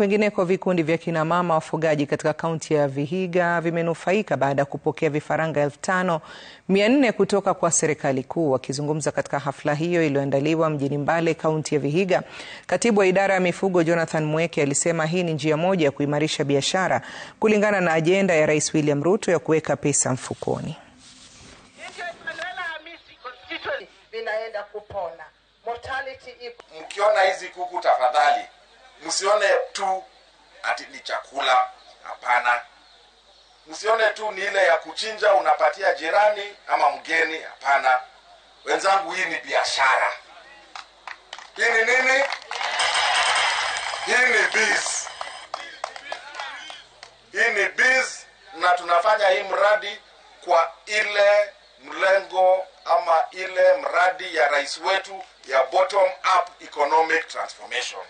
Kwingineko, vikundi vya kinamama wafugaji katika kaunti ya Vihiga vimenufaika baada ya kupokea vifaranga elfu tano mia nne kutoka kwa serikali kuu. Wakizungumza katika hafla hiyo iliyoandaliwa mjini Mbale, kaunti ya Vihiga, katibu wa idara ya mifugo Jonathan Mweke alisema hii ni njia moja ya kuimarisha biashara kulingana na ajenda ya Rais William Ruto ya kuweka pesa mfukoni. Mkiona hizi kuku tafadhali msione tu ati ni chakula hapana msione tu ni ile ya kuchinja unapatia jirani ama mgeni hapana wenzangu hii ni biashara hii ni nini hii ni biz hii ni biz na tunafanya hii mradi kwa ile mlengo ama ile mradi ya rais wetu ya bottom up economic transformation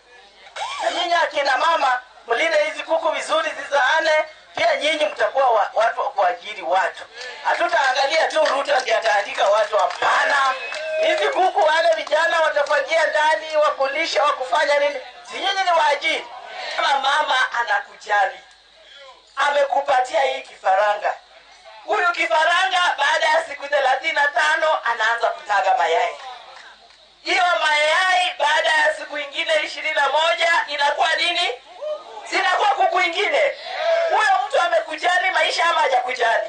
na nyinyi akina mama mlile hizi kuku vizuri zizaane, pia nyinyi mtakuwa wa, watu wa kuajiri watu. Hatutaangalia tu ruta ndiataandika watu, hapana. Hizi kuku wale vijana watafagia ndani, wakulisha, wakufanya nini, si nyinyi ni waajiri. Kama mama anakujali, amekupatia hii kifaranga huyu kifaranga baada ya siku thelathini na tano anaanza kutaga mayai. Hiyo mayai baada huku kwingine, huyo mtu amekujali maisha ama hajakujali?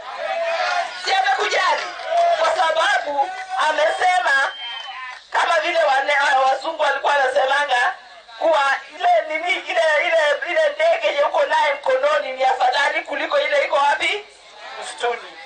Si amekujali, kwa sababu amesema kama vile wane, eh, wazungu walikuwa wanasemanga kuwa ile nini ile ile ile ndege yenye uko naye mkononi ni afadhali kuliko ile iko wapi msituni.